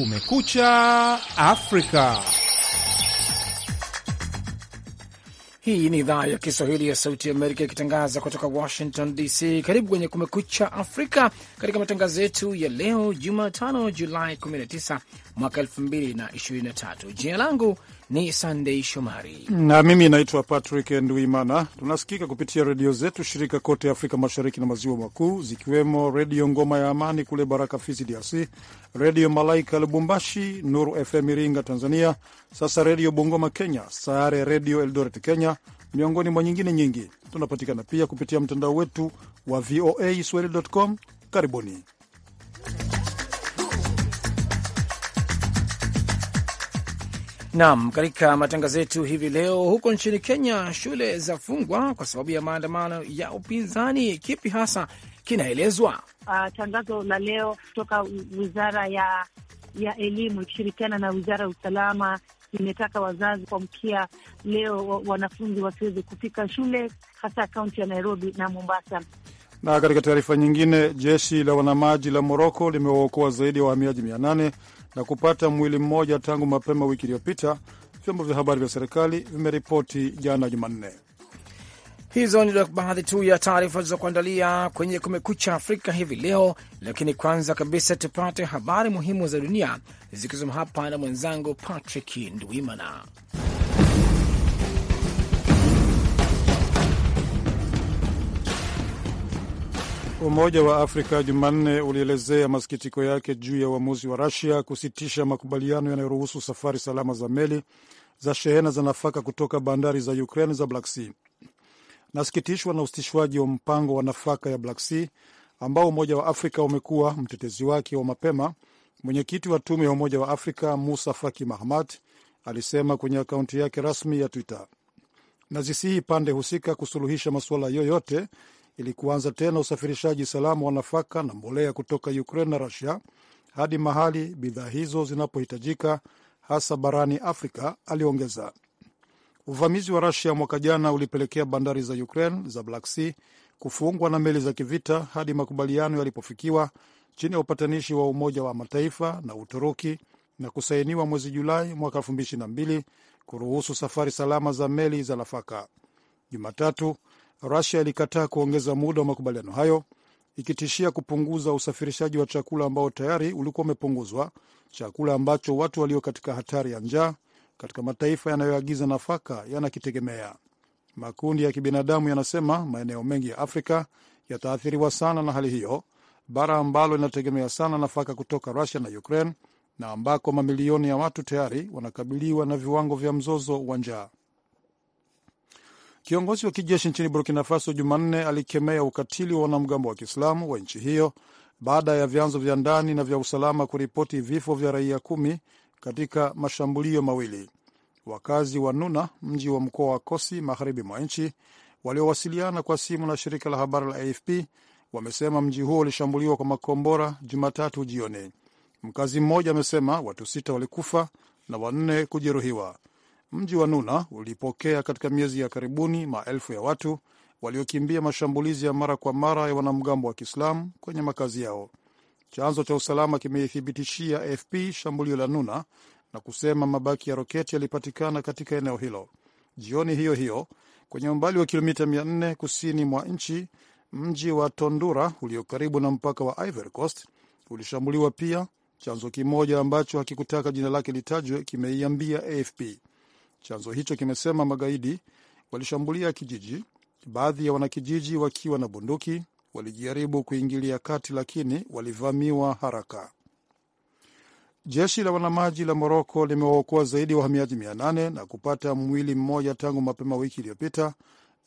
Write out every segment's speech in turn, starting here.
Kumekucha Afrika. Hii ni idhaa ya Kiswahili ya Sauti ya Amerika ikitangaza kutoka Washington DC. Karibu kwenye Kumekucha Afrika katika matangazo yetu ya leo Jumatano, Julai 19 mwaka 2023. Jina langu ni Sandei Shomari na mimi naitwa Patrick Nduimana. Tunasikika kupitia redio zetu shirika kote Afrika Mashariki na Maziwa Makuu, zikiwemo Redio Ngoma ya Amani kule Baraka, Fizi, DRC, Redio Malaika Lubumbashi, Nuru FM Iringa, Tanzania, sasa Redio Bungoma Kenya, Sayare Redio Eldoret Kenya, miongoni mwa nyingine nyingi. Tunapatikana pia kupitia mtandao wetu wa VOA Swahili.com. Karibuni. Naam, katika matangazo yetu hivi leo, huko nchini Kenya shule za fungwa kwa sababu ya maandamano ya upinzani. Kipi hasa kinaelezwa? Uh, tangazo la leo kutoka wizara ya ya elimu ikishirikiana na wizara ya usalama imetaka wazazi kuamkia leo wanafunzi wasiweze kufika shule hasa kaunti ya Nairobi na Mombasa. Na katika taarifa nyingine, jeshi la wanamaji la Moroko limewaokoa zaidi ya wahamiaji mia nane na kupata mwili mmoja tangu mapema wiki iliyopita, vyombo vya habari vya serikali vimeripoti jana Jumanne. Hizo ni baadhi tu ya taarifa zilizokuandalia kwenye Kumekucha Afrika hivi leo, lakini kwanza kabisa tupate habari muhimu za dunia zikisoma hapa na mwenzangu Patrick Ndwimana. Umoja wa Afrika Jumanne ulielezea masikitiko yake juu ya uamuzi wa rasia kusitisha makubaliano yanayoruhusu safari salama za meli za shehena za nafaka kutoka bandari za Ukraine za Black Sea. Nasikitishwa na usitishwaji wa mpango wa nafaka ya Black Sea ambao Umoja wa Afrika umekuwa mtetezi wake wa mapema, mwenyekiti wa tume ya Umoja wa Afrika Musa Faki Mahamat alisema kwenye akaunti yake rasmi ya Twitter. Nazisihi pande husika kusuluhisha masuala yoyote ili kuanza tena usafirishaji salama wa nafaka na mbolea kutoka Ukraine na Rusia hadi mahali bidhaa hizo zinapohitajika hasa barani Afrika, aliongeza. Uvamizi wa Rusia mwaka jana ulipelekea bandari za Ukraine za Black Sea kufungwa na meli za kivita hadi makubaliano yalipofikiwa chini ya upatanishi wa Umoja wa Mataifa na Uturuki na kusainiwa mwezi Julai mwaka 2022 kuruhusu safari salama za meli za nafaka. Jumatatu Rusia ilikataa kuongeza muda wa makubaliano hayo ikitishia kupunguza usafirishaji wa chakula ambao tayari ulikuwa umepunguzwa, chakula ambacho watu walio katika hatari ya njaa katika mataifa yanayoagiza nafaka yanakitegemea. Makundi ya kibinadamu yanasema maeneo mengi ya Afrika yataathiriwa sana na hali hiyo, bara ambalo linategemea sana nafaka kutoka Rusia na Ukraine na ambako mamilioni ya watu tayari wanakabiliwa na viwango vya mzozo wa njaa. Kiongozi wa kijeshi nchini Burkina Faso Jumanne alikemea ukatili wa wanamgambo wa Kiislamu wa nchi hiyo baada ya vyanzo vya ndani na vya usalama kuripoti vifo vya raia kumi katika mashambulio mawili. Wakazi wa Nuna, mji wa mkoa wa Kosi, magharibi mwa nchi, waliowasiliana kwa simu na shirika la habari la AFP wamesema mji huo ulishambuliwa kwa makombora Jumatatu jioni. Mkazi mmoja amesema watu sita walikufa na wanne kujeruhiwa. Mji wa Nuna ulipokea katika miezi ya karibuni maelfu ya watu waliokimbia mashambulizi ya mara kwa mara ya wanamgambo wa Kiislamu kwenye makazi yao. Chanzo cha usalama kimeithibitishia AFP shambulio la Nuna na kusema mabaki ya roketi yalipatikana katika eneo hilo. Jioni hiyo hiyo, kwenye umbali wa kilomita 400 kusini mwa nchi, mji wa Tondura ulio karibu na mpaka wa Ivory Coast ulishambuliwa pia. Chanzo kimoja ambacho hakikutaka jina lake litajwe kimeiambia AFP Chanzo hicho kimesema magaidi walishambulia kijiji, baadhi ya wanakijiji wakiwa na bunduki walijaribu kuingilia kati, lakini walivamiwa haraka. Jeshi la wanamaji la Moroko limewaokoa zaidi ya wahamiaji 800 na kupata mwili mmoja tangu mapema wiki iliyopita,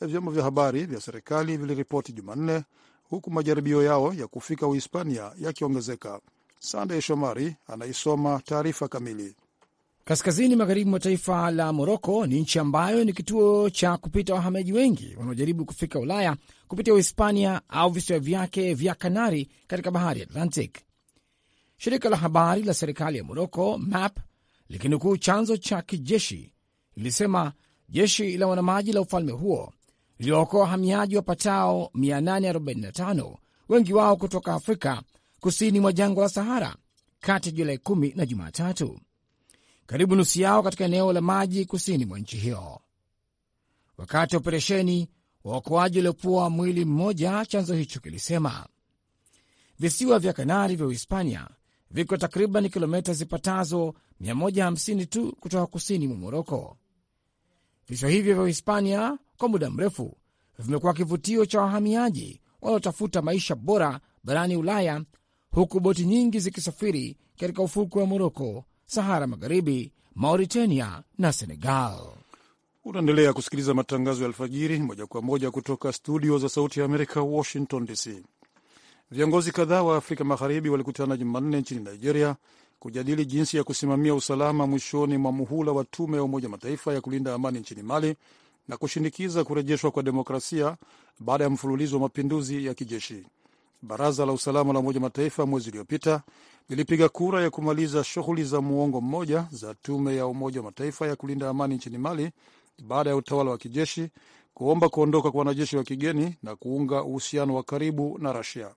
vyombo vya habari vya serikali viliripoti Jumanne, huku majaribio yao ya kufika Uhispania yakiongezeka. Sandey Shomari anaisoma taarifa kamili. Kaskazini magharibi mwa taifa la Moroko ni nchi ambayo ni kituo cha kupita wahamiaji wengi wanaojaribu kufika Ulaya kupitia Uhispania au visiwa vyake vya Kanari katika bahari ya Atlantic. Shirika la habari la serikali ya Moroko MAP likinukuu chanzo cha kijeshi lilisema jeshi la wanamaji la ufalme huo liliwaokoa wahamiaji wapatao 845 wengi wao kutoka Afrika kusini mwa jangwa la Sahara kati ya Julai 10 na Jumatatu karibu nusu yao katika eneo la maji kusini mwa nchi hiyo. Wakati wa operesheni waokoaji waliopua mwili mmoja, chanzo hicho kilisema. Visiwa vya Kanari vya Uhispania viko takriban kilomita zipatazo 150 tu kutoka kusini mwa Moroko. Visiwa hivyo vya Uhispania kwa muda mrefu vimekuwa kivutio cha wahamiaji wanaotafuta maisha bora barani Ulaya, huku boti nyingi zikisafiri katika ufukwe wa Moroko Sahara Magharibi, Mauritania na Senegal. Unaendelea kusikiliza matangazo ya alfajiri moja kwa moja kutoka studio za Sauti ya Amerika, Washington DC. Viongozi kadhaa wa Afrika Magharibi walikutana Jumanne nchini Nigeria kujadili jinsi ya kusimamia usalama mwishoni mwa muhula wa tume ya Umoja Mataifa ya kulinda amani nchini Mali na kushinikiza kurejeshwa kwa demokrasia baada ya mfululizo wa mapinduzi ya kijeshi. Baraza la Usalama la Umoja Mataifa mwezi uliopita lilipiga kura ya kumaliza shughuli za muongo mmoja za tume ya Umoja wa Mataifa ya kulinda amani nchini Mali baada ya utawala wa kijeshi kuomba kuondoka kwa wanajeshi wa kigeni na kuunga uhusiano wa karibu na Rusia.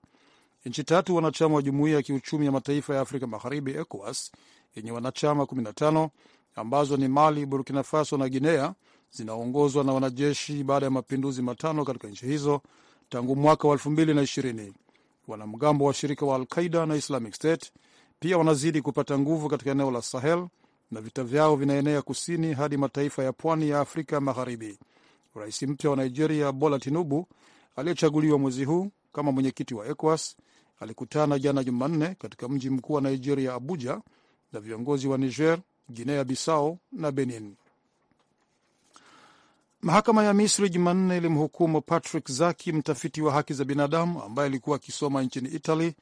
Nchi tatu wanachama wa Jumuiya ya Kiuchumi ya Mataifa ya Afrika Magharibi, ECOWAS, yenye wanachama 15 ambazo ni Mali, Burkina Faso na Guinea zinaongozwa na wanajeshi baada ya mapinduzi matano katika nchi hizo tangu mwaka wa 2020. Wanamgambo wa shirika wa Al-Qaida na Islamic State pia wanazidi kupata nguvu katika eneo la Sahel na vita vyao vinaenea kusini hadi mataifa ya pwani ya Afrika Magharibi. Rais mpya wa Nigeria Bola Tinubu aliyechaguliwa mwezi huu kama mwenyekiti wa ECOWAS alikutana jana Jumanne katika mji mkuu wa Nigeria, Abuja, na viongozi wa Niger, Guinea Bissau na Benin. Mahakama ya Misri Jumanne ilimhukumu Patrick Zaki, mtafiti wa haki za binadamu ambaye alikuwa akisoma nchini Italy,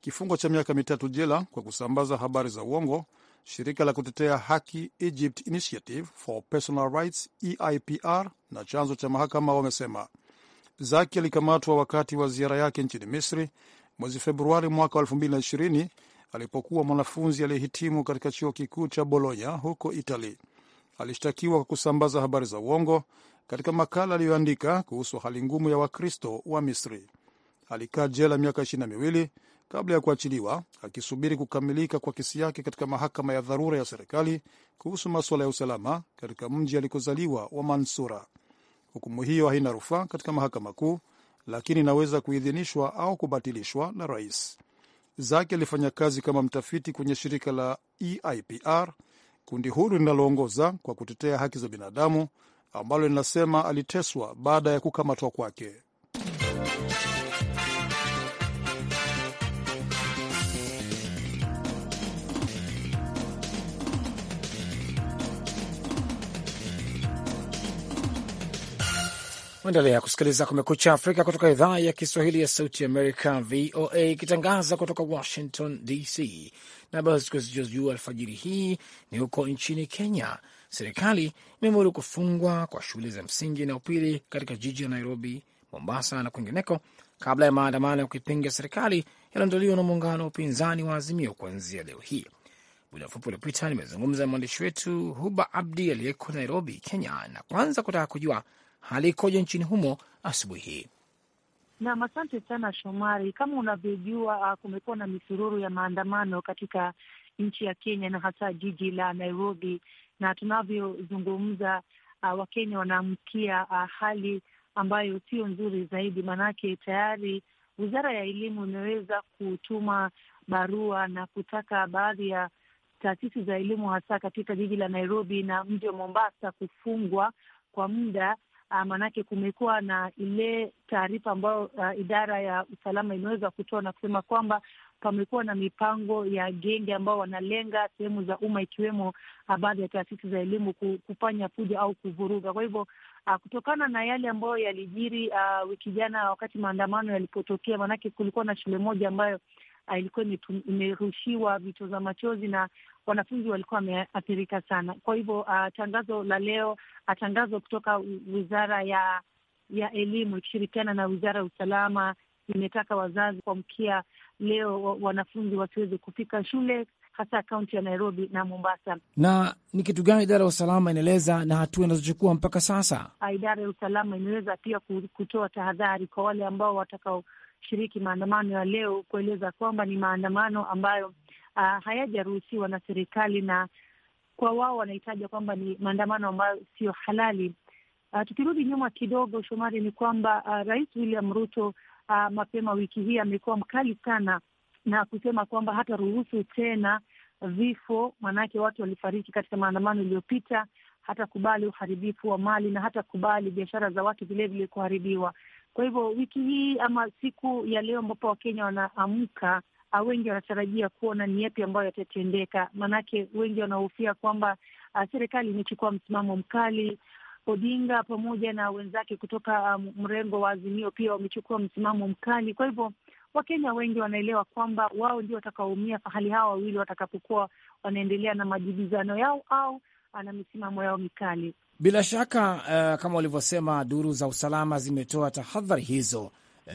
kifungo cha miaka mitatu jela kwa kusambaza habari za uongo. Shirika la kutetea haki Egypt Initiative for Personal Rights EIPR na chanzo cha mahakama wamesema Zaki alikamatwa wakati wa ziara yake nchini Misri mwezi Februari mwaka 2020 alipokuwa mwanafunzi aliyehitimu katika chuo kikuu cha Bologna huko Italy. Alishtakiwa kwa kusambaza habari za uongo katika makala aliyoandika kuhusu hali ngumu ya Wakristo wa Misri. Alikaa jela miaka ishirini na miwili kabla ya kuachiliwa akisubiri kukamilika kwa kesi yake katika mahakama ya dharura ya serikali kuhusu masuala ya usalama katika mji alikozaliwa wa Mansura. Hukumu hiyo haina rufaa katika mahakama kuu, lakini inaweza kuidhinishwa au kubatilishwa na rais. Zaki alifanya kazi kama mtafiti kwenye shirika la EIPR, kundi huru linaloongoza kwa kutetea haki za binadamu ambalo linasema aliteswa baada ya kukamatwa kwake. Endelea kusikiliza Kumekucha Afrika kutoka idhaa ya Kiswahili ya Sauti Amerika, VOA, ikitangaza kutoka Washington DC. Na basi alfajiri hii ni huko nchini Kenya, Serikali imeamuru kufungwa kwa shule za msingi na upili katika jiji la Nairobi, Mombasa na kwingineko kabla ya maandamano ya kuipinga serikali yaliondoliwa na muungano wa upinzani wa Azimio kuanzia leo hii. Muda mfupi uliopita nimezungumza na mwandishi wetu Huba Abdi aliyeko Nairobi, Kenya, na kwanza kutaka kujua hali ikoje nchini humo asubuhi hii. Nam, asante sana Shomari. Kama unavyojua, ah, kumekuwa na misururu ya maandamano katika nchi ya Kenya na hasa jiji la Nairobi na tunavyozungumza uh, Wakenya wanaamkia uh, hali ambayo sio nzuri zaidi, maanake tayari wizara ya elimu imeweza kutuma barua na kutaka baadhi ya taasisi za elimu hasa katika jiji la Nairobi na mji wa Mombasa kufungwa kwa muda, uh, maanake kumekuwa na ile taarifa ambayo uh, idara ya usalama imeweza kutoa na kusema kwamba pamekuwa na mipango ya genge ambao wanalenga sehemu za umma ikiwemo ah, baadhi ya taasisi za elimu kufanya fujo au kuvuruga. Kwa hivyo uh, kutokana na yale ambayo yalijiri uh, wiki jana wakati maandamano yalipotokea, maanake kulikuwa na shule moja ambayo uh, ilikuwa imerushiwa vitoza machozi na wanafunzi walikuwa wameathirika sana. Kwa hivyo uh, tangazo la leo, tangazo kutoka wizara ya ya elimu ikishirikiana na wizara ya usalama imetaka wazazi kuamkia leo wanafunzi wasiweze kufika shule hasa kaunti ya Nairobi na Mombasa. Na ni kitu gani idara ya usalama inaeleza na hatua inazochukua mpaka sasa? Ah, idara ya usalama imeweza pia kutoa tahadhari kwa wale ambao watakaoshiriki maandamano ya leo, kueleza kwamba ni maandamano ambayo uh, hayajaruhusiwa na serikali, na kwa wao wanahitaja kwamba ni maandamano ambayo siyo halali. Uh, tukirudi nyuma kidogo, Shomari, ni kwamba uh, Rais William Ruto uh, mapema wiki hii amekuwa mkali sana na kusema kwamba hata ruhusu tena vifo, maanake watu walifariki katika maandamano iliyopita, hata kubali uharibifu wa mali na hata kubali biashara za watu vilevile kuharibiwa. Kwa hivyo wiki hii ama siku ya leo ambapo Wakenya wanaamka, ah, wengi wanatarajia kuona ni yapi ambayo yatatendeka, maanake wengi wanahofia kwamba ah, serikali imechukua msimamo mkali Odinga pamoja na wenzake kutoka um, mrengo wa Azimio pia wamechukua msimamo mkali. Kwa hivyo Wakenya wengi wanaelewa kwamba wao ndio watakaoumia fahali hawa wawili watakapokuwa wanaendelea na majibizano yao au na misimamo yao mikali. Bila shaka uh, kama walivyosema, duru za usalama zimetoa tahadhari hizo uh,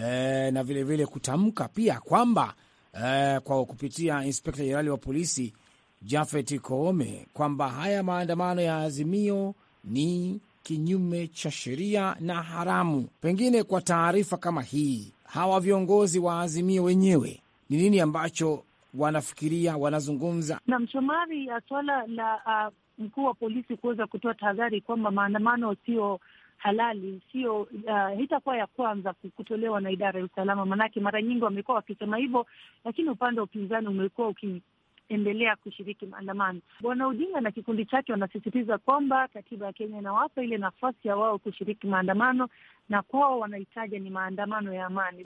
na vilevile vile kutamka pia kwamba uh, kwa kupitia inspekta jenerali wa polisi Jafet Koome kwamba haya maandamano ya Azimio ni kinyume cha sheria na haramu. Pengine kwa taarifa kama hii, hawa viongozi wa Azimio wenyewe ni nini ambacho wanafikiria, wanazungumza? Na mshomari ya swala la uh, mkuu wa polisi kuweza kutoa tahadhari kwamba maandamano sio halali sio uh, hitakuwa ya kwanza kutolewa na idara ya usalama, maanake mara nyingi wamekuwa wakisema hivyo, lakini upande wa upinzani umekuwa uki, endelea kushiriki maandamano. Bwana Odinga na kikundi chake wanasisitiza kwamba katiba ya Kenya inawapa ile nafasi ya wao kushiriki maandamano, na kwao wanahitaja ni maandamano ya amani.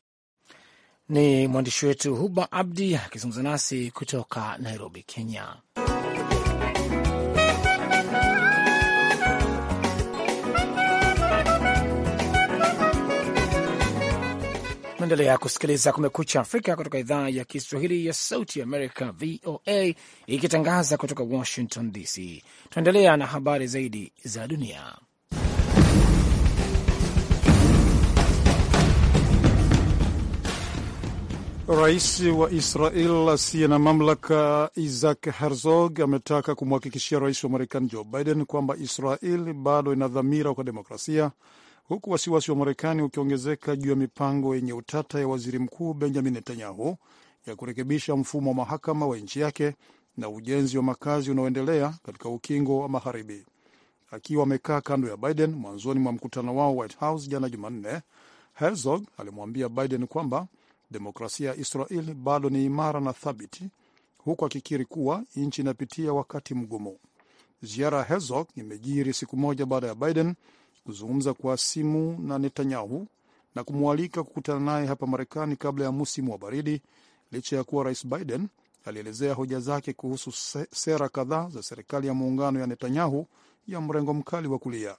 Ni mwandishi wetu Huba Abdi akizungumza nasi kutoka Nairobi, Kenya. Naendelea kusikiliza Kumekucha Afrika kutoka idhaa ya Kiswahili ya Sauti Amerika, VOA, ikitangaza kutoka Washington DC. Tunaendelea na habari zaidi za dunia. Rais wa Israel asiye na mamlaka Isaac Herzog ametaka kumhakikishia rais wa Marekani Joe Biden kwamba Israel bado ina dhamira kwa demokrasia huku wasiwasi wa Marekani ukiongezeka juu ya mipango yenye utata ya waziri mkuu Benjamin Netanyahu ya kurekebisha mfumo wa mahakama wa nchi yake na ujenzi wa makazi unaoendelea katika ukingo wa Magharibi. Akiwa amekaa kando ya Biden mwanzoni mwa mkutano wao White House jana Jumanne, Herzog alimwambia Biden kwamba demokrasia ya Israel bado ni imara na thabiti, huku akikiri kuwa nchi inapitia wakati mgumu. Ziara ya Herzog imejiri siku moja baada ya Biden kuzungumza kwa simu na Netanyahu na kumwalika kukutana naye hapa Marekani kabla ya musimu wa baridi, licha ya kuwa Rais Biden alielezea hoja zake kuhusu sera kadhaa za serikali ya muungano ya Netanyahu ya mrengo mkali wa kulia.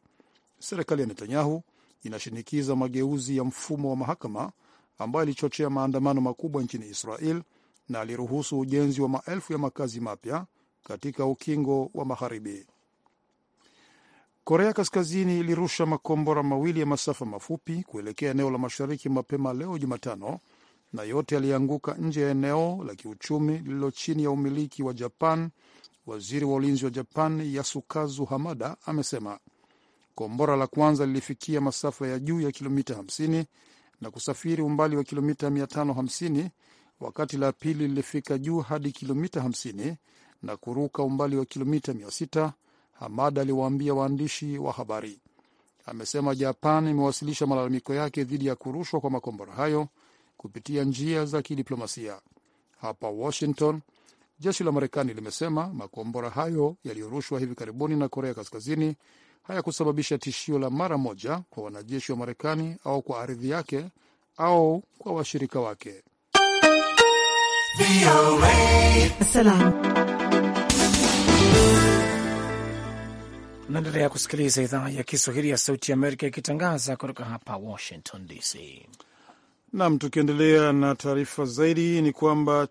Serikali ya Netanyahu inashinikiza mageuzi ya mfumo wa mahakama ambayo ilichochea maandamano makubwa nchini Israel na aliruhusu ujenzi wa maelfu ya makazi mapya katika ukingo wa Magharibi. Korea Kaskazini ilirusha makombora mawili ya masafa mafupi kuelekea eneo la mashariki mapema leo Jumatano, na yote yalianguka nje ya eneo la kiuchumi lililo chini ya umiliki wa Japan. Waziri wa ulinzi wa Japan Yasukazu Hamada amesema kombora la kwanza lilifikia masafa ya juu ya kilomita 50 na kusafiri umbali wa kilomita 550 wakati la pili lilifika juu hadi kilomita 50 na kuruka umbali wa kilomita Hamada aliwaambia waandishi wa habari. Amesema Japan imewasilisha malalamiko yake dhidi ya kurushwa kwa makombora hayo kupitia njia za kidiplomasia. Hapa Washington, jeshi la Marekani limesema makombora hayo yaliyorushwa hivi karibuni na Korea Kaskazini hayakusababisha tishio la mara moja kwa wanajeshi wa Marekani au kwa ardhi yake au kwa washirika wake. Salam. Naendelea kusikiliza idhaa ya Kiswahili ya Sauti Amerika ikitangaza kutoka hapa Washington DC. Nam, tukiendelea na taarifa zaidi ni kwamba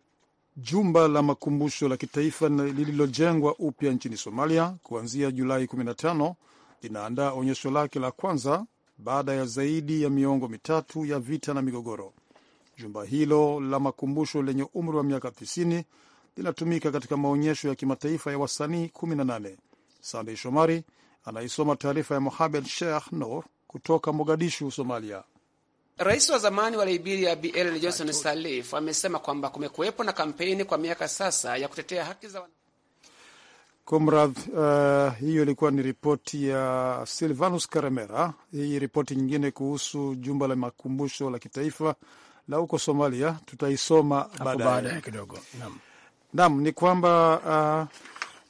jumba la makumbusho la kitaifa lililojengwa upya nchini Somalia kuanzia Julai 15 linaandaa onyesho lake la kwanza baada ya zaidi ya miongo mitatu ya vita na migogoro. Jumba hilo la makumbusho lenye umri wa miaka 90 linatumika katika maonyesho ya kimataifa ya wasanii 18 Sandey Shomari anaisoma taarifa ya Mohamed Sheikh Noor kutoka Mogadishu, Somalia. Rais wa zamani wa Liberia Bi Ellen Johnson Sirleaf amesema kwamba kumekuwepo na kampeni kwa miaka sasa ya kutetea haki za Comrade, uh, hiyo ilikuwa ni ripoti ya Silvanus Karemera. Hii ripoti nyingine kuhusu jumba la makumbusho la kitaifa la huko Somalia tutaisoma baadaye kidogo. Naam, ni kwamba uh,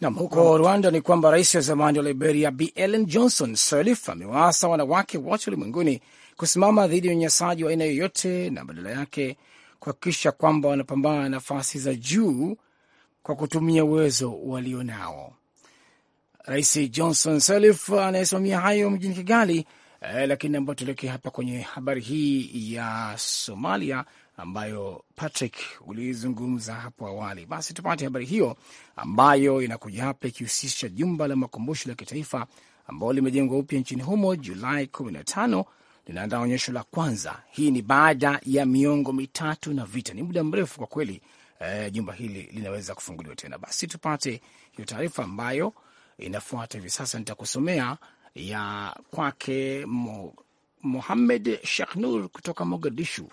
Nam, huko Rwanda ni kwamba rais wa zamani wa Liberia B Ellen Johnson Sirleaf amewaasa wanawake wote ulimwenguni kusimama dhidi ya unyanyasaji wa aina yoyote na badala yake kuhakikisha kwamba wanapambana nafasi za juu kwa kutumia uwezo walionao. Rais Johnson Sirleaf anayesimamia hayo mjini Kigali eh, lakini ambayo tuelekee hapa kwenye habari hii ya Somalia ambayo Patrick uliizungumza hapo awali. Basi tupate habari hiyo ambayo inakuja hapa ikihusisha jumba la makumbusho la kitaifa ambalo limejengwa upya nchini humo Julai 15 linaandaa onyesho la kwanza. Hii ni baada ya miongo mitatu na vita, ni muda mrefu kwa kweli. E, jumba hili linaweza kufunguliwa tena. Basi tupate hiyo taarifa ambayo inafuata hivi sasa. Nitakusomea ya kwake Mohamed Shaknur kutoka Mogadishu.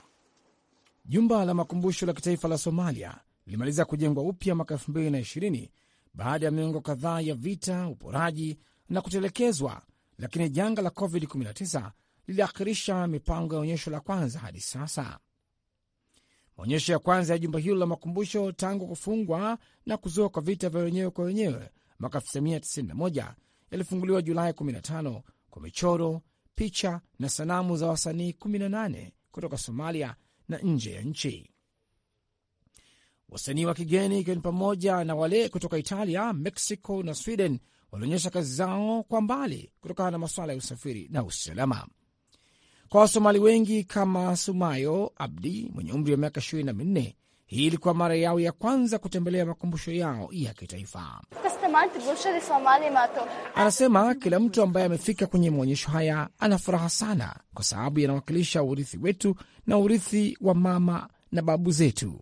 Jumba la makumbusho la kitaifa la Somalia lilimaliza kujengwa upya mwaka 2020 baada ya miongo kadhaa ya vita, uporaji na kutelekezwa, lakini janga la COVID-19 liliakhirisha mipango ya onyesho la kwanza hadi sasa. Maonyesho ya kwanza ya jumba hilo la makumbusho tangu kufungwa na kuzua kwa vita vya wenyewe kwa wenyewe mwaka 1991 yalifunguliwa Julai 15 kwa michoro, picha na sanamu za wasanii 18 kutoka Somalia na nje ya nchi. Wasanii wa kigeni ikiwa ni pamoja na wale kutoka Italia, Mexico na Sweden walionyesha kazi zao kwa mbali kutokana na masuala ya usafiri na usalama. Kwa Wasomali wengi kama Sumayo Abdi mwenye umri wa miaka ishirini na minne, hii ilikuwa mara yao ya kwanza kutembelea makumbusho yao ya kitaifa. Anasema kila mtu ambaye amefika kwenye maonyesho haya ana furaha sana, kwa sababu yanawakilisha urithi wetu na urithi wa mama na babu zetu.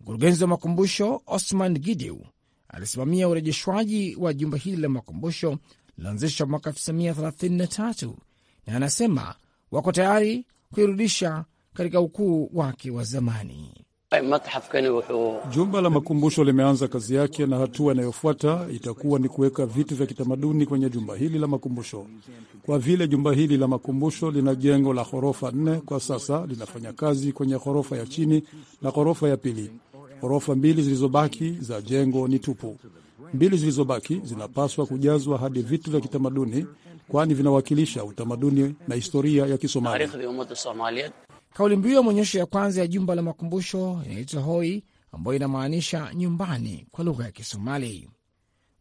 Mkurugenzi wa makumbusho Osman Gideu alisimamia urejeshwaji wa jumba hili la makumbusho lililoanzishwa mwaka 1933 na anasema wako tayari kuirudisha katika ukuu wake wa zamani. Jumba la makumbusho limeanza kazi yake na hatua inayofuata itakuwa ni kuweka vitu vya kitamaduni kwenye jumba hili la makumbusho. Kwa vile jumba hili la makumbusho lina jengo la ghorofa nne, kwa sasa linafanya kazi kwenye ghorofa ya chini na ghorofa ya pili. Ghorofa mbili zilizobaki za jengo ni tupu. Mbili zilizobaki zinapaswa kujazwa hadi vitu vya kitamaduni, kwani vinawakilisha utamaduni na historia ya Kisomali. Kauli mbiu ya maonyesho ya kwanza ya jumba la makumbusho inaitwa Hoi, ambayo inamaanisha nyumbani kwa lugha ya Kisomali.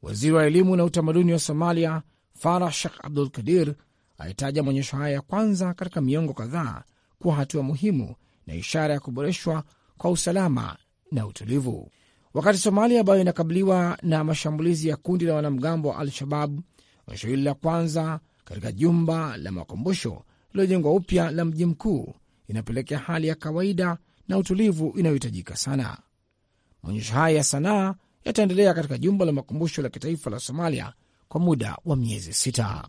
Waziri wa elimu na utamaduni wa Somalia, Farah Sheikh Abdul Kadir, alitaja maonyesho haya ya kwanza katika miongo kadhaa kuwa hatua muhimu na ishara ya kuboreshwa kwa usalama na utulivu. Wakati Somalia ambayo inakabiliwa na mashambulizi ya kundi la wanamgambo wa Al-Shabab, onyesho hili la kwanza katika jumba la makumbusho lililojengwa upya la mji mkuu inapelekea hali ya kawaida na utulivu inayohitajika sana. Maonyesho haya ya sanaa yataendelea katika jumba la makumbusho la kitaifa la Somalia kwa muda wa miezi sita.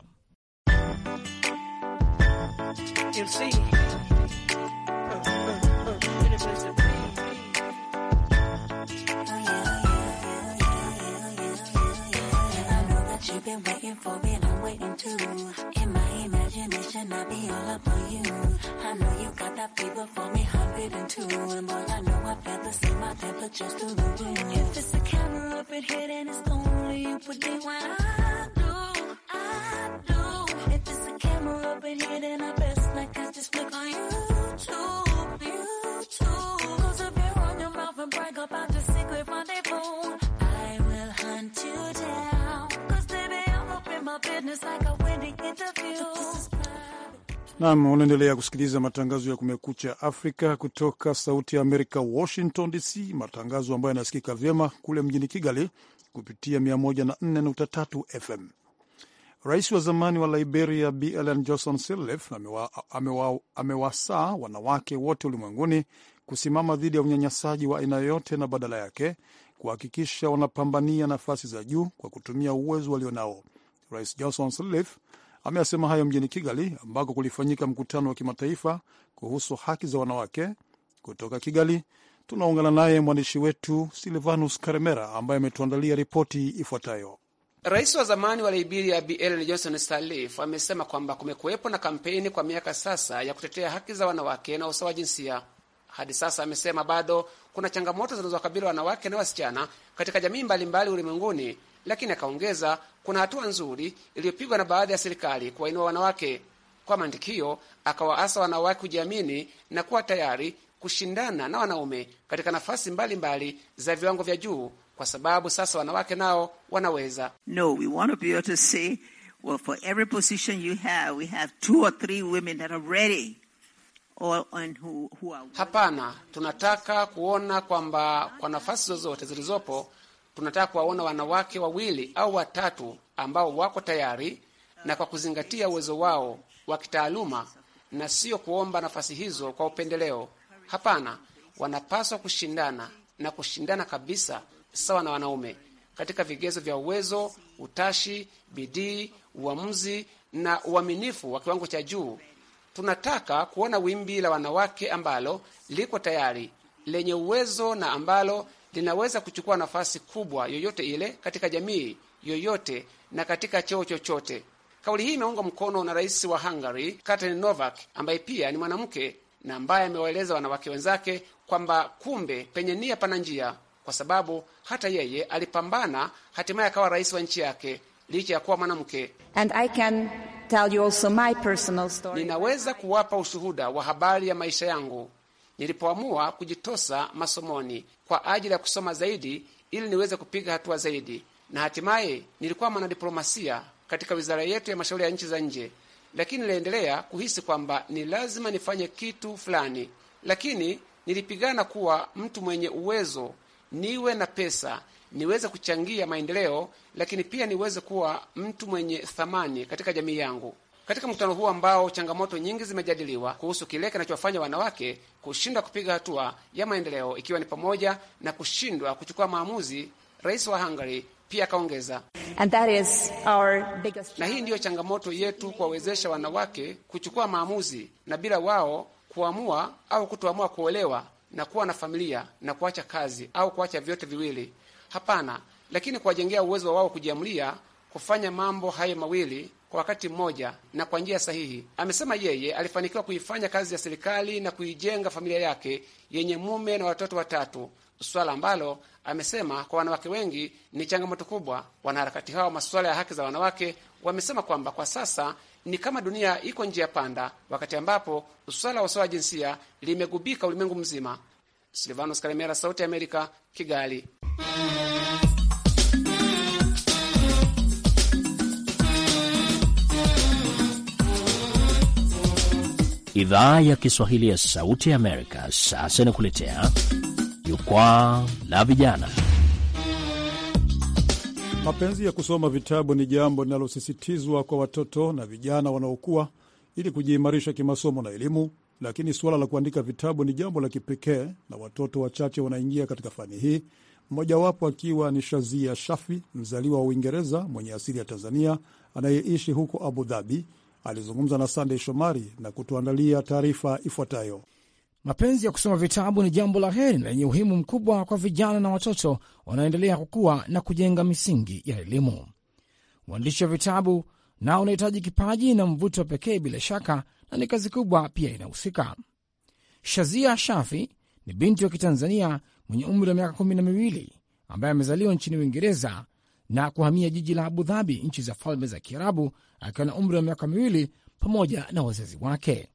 Nam, unaendelea kusikiliza matangazo ya Kumekucha Afrika kutoka Sauti ya Amerika, Washington DC, matangazo ambayo yanasikika vyema kule mjini Kigali kupitia 104.3 FM. Rais wa zamani wa Liberia BLN Johnson Sirleaf amewasaa amewa, amewa wanawake wote ulimwenguni kusimama dhidi ya unyanyasaji wa aina yoyote na badala yake kuhakikisha wanapambania nafasi za juu kwa kutumia uwezo walionao. Rais Johnson Sirleaf Ameyasema hayo mjini Kigali ambako kulifanyika mkutano wa kimataifa kuhusu haki za wanawake. Kutoka Kigali tunaungana naye mwandishi wetu Silvanus Karemera ambaye ametuandalia ripoti ifuatayo. Rais wa zamani wa Liberia bl Johnson Sirleaf amesema kwamba kumekuwepo na kampeni kwa miaka sasa ya kutetea haki za wanawake na usawa jinsia hadi sasa amesema bado kuna changamoto zinazowakabili wanawake na wasichana katika jamii mbalimbali ulimwenguni, lakini akaongeza kuna hatua nzuri iliyopigwa na baadhi ya serikali kuwainua wanawake. Kwa mantikio akawaasa wanawake kujiamini na kuwa tayari kushindana na wanaume katika nafasi mbalimbali mbali za viwango vya juu, kwa sababu sasa wanawake nao wanaweza. No, we want to be able to say, well, for every position you have, we have two or three women that are ready Hapana, tunataka kuona kwamba kwa nafasi zozote zilizopo, tunataka kuwaona wanawake wawili au watatu ambao wako tayari na kwa kuzingatia uwezo wao wa kitaaluma, na sio kuomba nafasi hizo kwa upendeleo. Hapana, wanapaswa kushindana na kushindana kabisa sawa na wanaume katika vigezo vya uwezo, utashi, bidii, uamuzi na uaminifu wa kiwango cha juu Tunataka kuona wimbi la wanawake ambalo liko tayari, lenye uwezo na ambalo linaweza kuchukua nafasi kubwa yoyote ile katika jamii yoyote na katika cheo chochote. Kauli hii imeungwa mkono na rais wa Hungary Katrin Novak, ambaye pia ni mwanamke na ambaye amewaeleza wanawake wenzake kwamba kumbe penye nia pana njia, kwa sababu hata yeye alipambana, hatimaye akawa rais wa nchi yake licha ya kuwa mwanamke. And I can tell you also my personal story. Ninaweza kuwapa ushuhuda wa habari ya maisha yangu nilipoamua kujitosa masomoni kwa ajili ya kusoma zaidi ili niweze kupiga hatua zaidi, na hatimaye nilikuwa mwanadiplomasia katika wizara yetu ya mashauri ya nchi za nje, lakini niliendelea kuhisi kwamba ni lazima nifanye kitu fulani, lakini nilipigana kuwa mtu mwenye uwezo, niwe na pesa niweze kuchangia maendeleo, lakini pia niweze kuwa mtu mwenye thamani katika jamii yangu. Katika mkutano huu ambao changamoto nyingi zimejadiliwa kuhusu kile kinachowafanya wanawake kushindwa kupiga hatua ya maendeleo, ikiwa ni pamoja na kushindwa kuchukua maamuzi, rais wa Hungary pia akaongeza biggest... na hii ndiyo changamoto yetu, kuwawezesha wanawake kuchukua maamuzi, na bila wao kuamua au kutoamua kuolewa na kuwa na familia na kuacha kazi au kuacha vyote viwili Hapana, lakini kuwajengea uwezo wao kujiamulia kufanya mambo hayo mawili kwa wakati mmoja na kwa njia sahihi. Amesema yeye alifanikiwa kuifanya kazi ya serikali na kuijenga familia yake yenye mume na watoto watatu, swala ambalo amesema kwa wanawake wengi ni changamoto kubwa. Wanaharakati hao masuala ya haki za wanawake wamesema kwamba kwa sasa ni kama dunia iko njia panda, wakati ambapo swala la usawa wa jinsia limegubika ulimwengu mzima. Silvanos Sauti ya Amerika, Kigali. Idhaa ya Kiswahili ya Sauti ya Amerika sasa inakuletea jukwaa la vijana. Mapenzi ya kusoma vitabu ni jambo linalosisitizwa kwa watoto na vijana wanaokuwa ili kujiimarisha kimasomo na elimu, lakini suala la kuandika vitabu ni jambo la kipekee na watoto wachache wanaingia katika fani hii mmojawapo akiwa ni Shazia Shafi, mzaliwa wa Uingereza mwenye asili ya Tanzania anayeishi huko Abu Dhabi. Alizungumza na Sandey Shomari na kutuandalia taarifa ifuatayo. Mapenzi ya kusoma vitabu ni jambo la heri na lenye umuhimu mkubwa kwa vijana na watoto wanaoendelea kukua na kujenga misingi ya elimu. Uandishi wa vitabu nao unahitaji kipaji na mvuto pekee, bila shaka, na ni kazi kubwa pia inahusika. Shazia Shafi ni binti wa Kitanzania mwenye umri wa miaka kumi na miwili ambaye amezaliwa nchini Uingereza na kuhamia jiji la Abu Dhabi, nchi za Falme za Kiarabu, akiwa na umri wa miaka miwili pamoja na wazazi wake.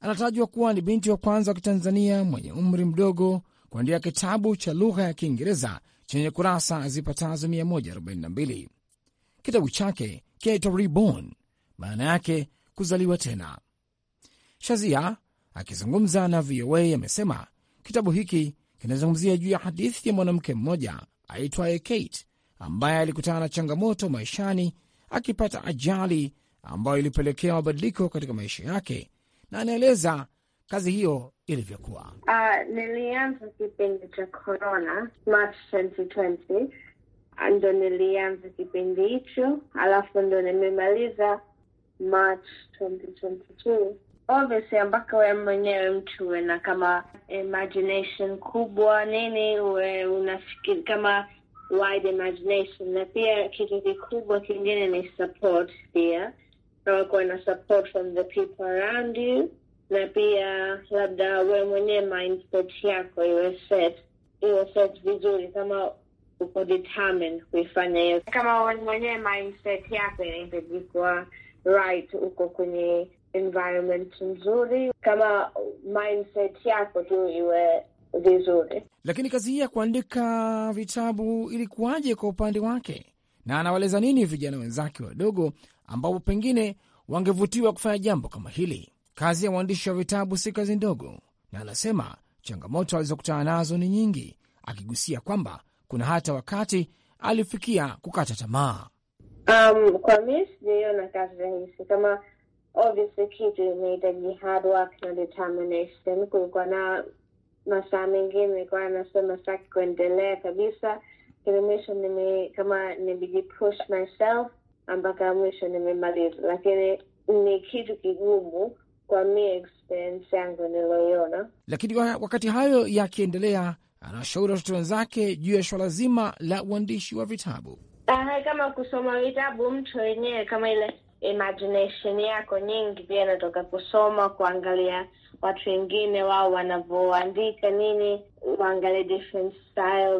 Anatajwa kuwa ni binti wa kwanza wa Kitanzania mwenye umri mdogo kuandika kitabu cha lugha ya Kiingereza chenye kurasa zipatazo 142. Kitabu chake kinaitwa Reborn, maana yake kuzaliwa tena. Shazia akizungumza na VOA amesema kitabu hiki kinazungumzia juu ya hadithi ya mwanamke mmoja aitwaye Kate ambaye alikutana na changamoto maishani akipata ajali ambayo ilipelekea mabadiliko katika maisha yake, na anaeleza kazi hiyo ilivyokuwa. Uh, nilianza kipindi cha corona March 2020 ndo nilianza kipindi hicho, alafu ndo nimemaliza March 2022 obviously mpaka we mwenyewe mtu uwe na kama imagination kubwa nini, uwe unafikiri kama wide imagination, na pia kitu kikubwa kingine ni support pia kuwa na support from the people around you, na pia labda we mwenyewe mindset yako iwe set iwe set vizuri, kama uko determined kuifanya hiyo, kama we mwenyewe mindset yako inahitaji kuwa right, uko kwenye environment nzuri, kama mindset yako tu iwe vizuri. Lakini kazi hii ya kuandika vitabu ilikuwaje kwa upande wake, na anawaeleza nini vijana wenzake wadogo ambapo pengine wangevutiwa kufanya jambo kama hili? Kazi ya mwandishi wa vitabu si kazi ndogo, na anasema changamoto alizokutana nazo ni nyingi, akigusia kwamba kuna hata wakati alifikia kukata tamaa. Um, kwa mi sijaiona kazi rahisi kama obviously kitu you hard work and determination. Kulikuwa na masaa mengine kwa anasema sitaki kuendelea kabisa, kile mwisho nime kama nimejipush myself ambaka mwisho nimemaliza, lakini ni kitu kigumu kwa mi experience yangu niloiona Lakini wakati hayo yakiendelea, anawashauri watoto wenzake juu ya swala zima la uandishi wa vitabu. Aha, kama kusoma vitabu mtu wenyewe kama ile imagination yako nyingi pia inatoka kusoma, kuangalia watu wengine wao wanavyoandika nini, uangalie different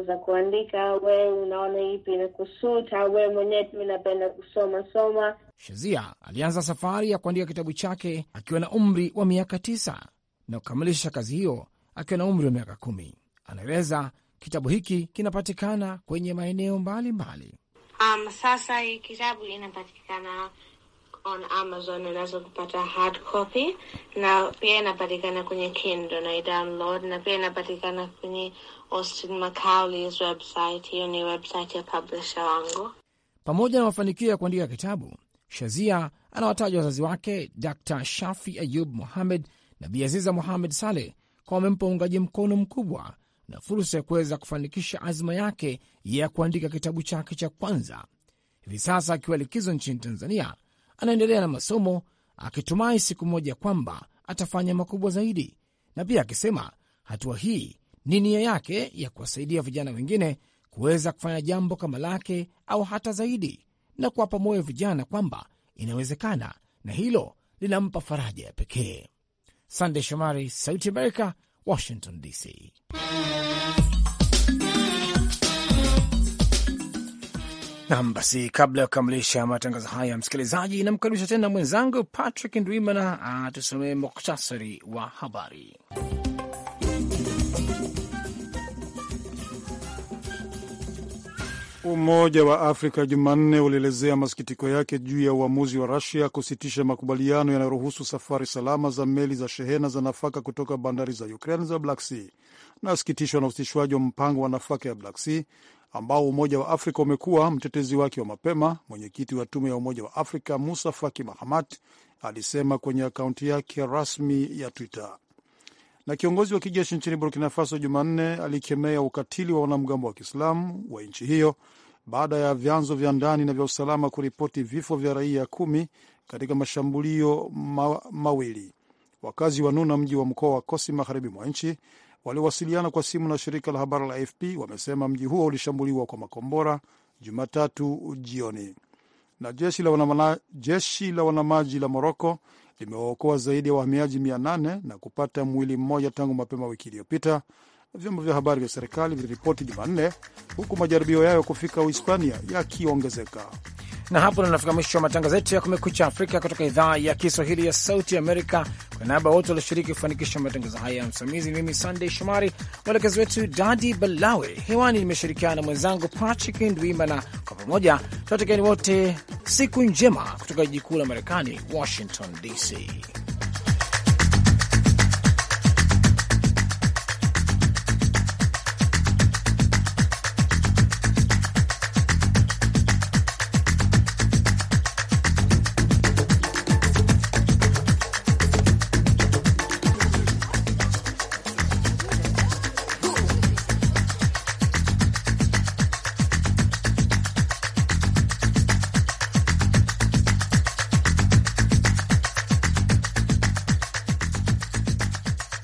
za kuandika, we unaona ipi inakusuta, we mwenyewe tu unapenda kusoma soma. Shazia alianza safari ya kuandika kitabu chake akiwa na umri wa miaka tisa na kukamilisha kazi hiyo akiwa na umri wa miaka kumi. Anaeleza kitabu hiki kinapatikana kwenye maeneo mbalimbali. Um, sasa hii kitabu inapatikana on Amazon unaweza kupata hard copy, na pia inapatikana kwenye Kindle na download, na pia inapatikana kwenye Austin Macauley's website. Hiyo ni website ya publisher wangu. Pamoja na mafanikio ya kuandika kitabu, Shazia anawataja wazazi wake Dr. Shafi Ayub Mohamed na Biaziza Mohamed Saleh kwa wamempa uungaji mkono mkubwa na fursa ya kuweza kufanikisha azma yake ya kuandika kitabu chake cha kwanza. Hivi sasa akiwa likizo nchini Tanzania, anaendelea na masomo akitumai siku moja kwamba atafanya makubwa zaidi, na pia akisema hatua hii ni nia yake ya kuwasaidia vijana wengine kuweza kufanya jambo kama lake au hata zaidi, na kuwapa moyo vijana kwamba inawezekana, na hilo linampa faraja ya pekee. Sande Shomari, Sauti Amerika, Washington DC. Nam, basi kabla ya kukamilisha matangazo haya, msikilizaji, namkaribisha tena mwenzangu Patrick Ndwimana atusomee muktasari wa habari. Umoja wa Afrika Jumanne ulielezea masikitiko yake juu ya uamuzi wa Rusia kusitisha makubaliano yanayoruhusu safari salama za meli za shehena za nafaka kutoka bandari za Ukraine za Black Sea. Nasikitishwa na usitishwaji wa mpango wa nafaka ya Black Sea ambao Umoja wa Afrika umekuwa mtetezi wake wa mapema. Mwenyekiti wa Tume ya Umoja wa Afrika Musa Faki Mahamat alisema kwenye akaunti yake rasmi ya Twitter. Na kiongozi wa kijeshi nchini Burkina Faso Jumanne alikemea ukatili wa wanamgambo wa Kiislamu wa nchi hiyo baada ya vyanzo vya ndani na vya usalama kuripoti vifo vya raia kumi katika mashambulio ma mawili. Wakazi wa Nuna, mji wa mkoa wa Kosi magharibi mwa nchi, waliowasiliana kwa simu na shirika la habari la AFP wamesema mji huo ulishambuliwa kwa makombora Jumatatu jioni. Na jeshi la wanamaji, jeshi la wanamaji la Moroko limewaokoa zaidi ya wahamiaji 800 na kupata mwili mmoja tangu mapema wiki iliyopita, vyombo vya habari vya serikali viliripoti Jumanne, huku majaribio yayo kufika Uhispania yakiongezeka. Na hapo tunafika mwisho wa matangazo yetu ya Kumekucha Afrika kutoka idhaa ya Kiswahili ya Sauti Amerika. Kwa niaba wote walioshiriki kufanikisha matangazo haya ya msimamizi, mimi Sandey Shomari, mwelekezi wetu Dadi Balawe. Hewani nimeshirikiana na mwenzangu Patrick Ndwimana. Kwa pamoja tunatekeni wote siku njema kutoka jiji kuu la Marekani, Washington DC.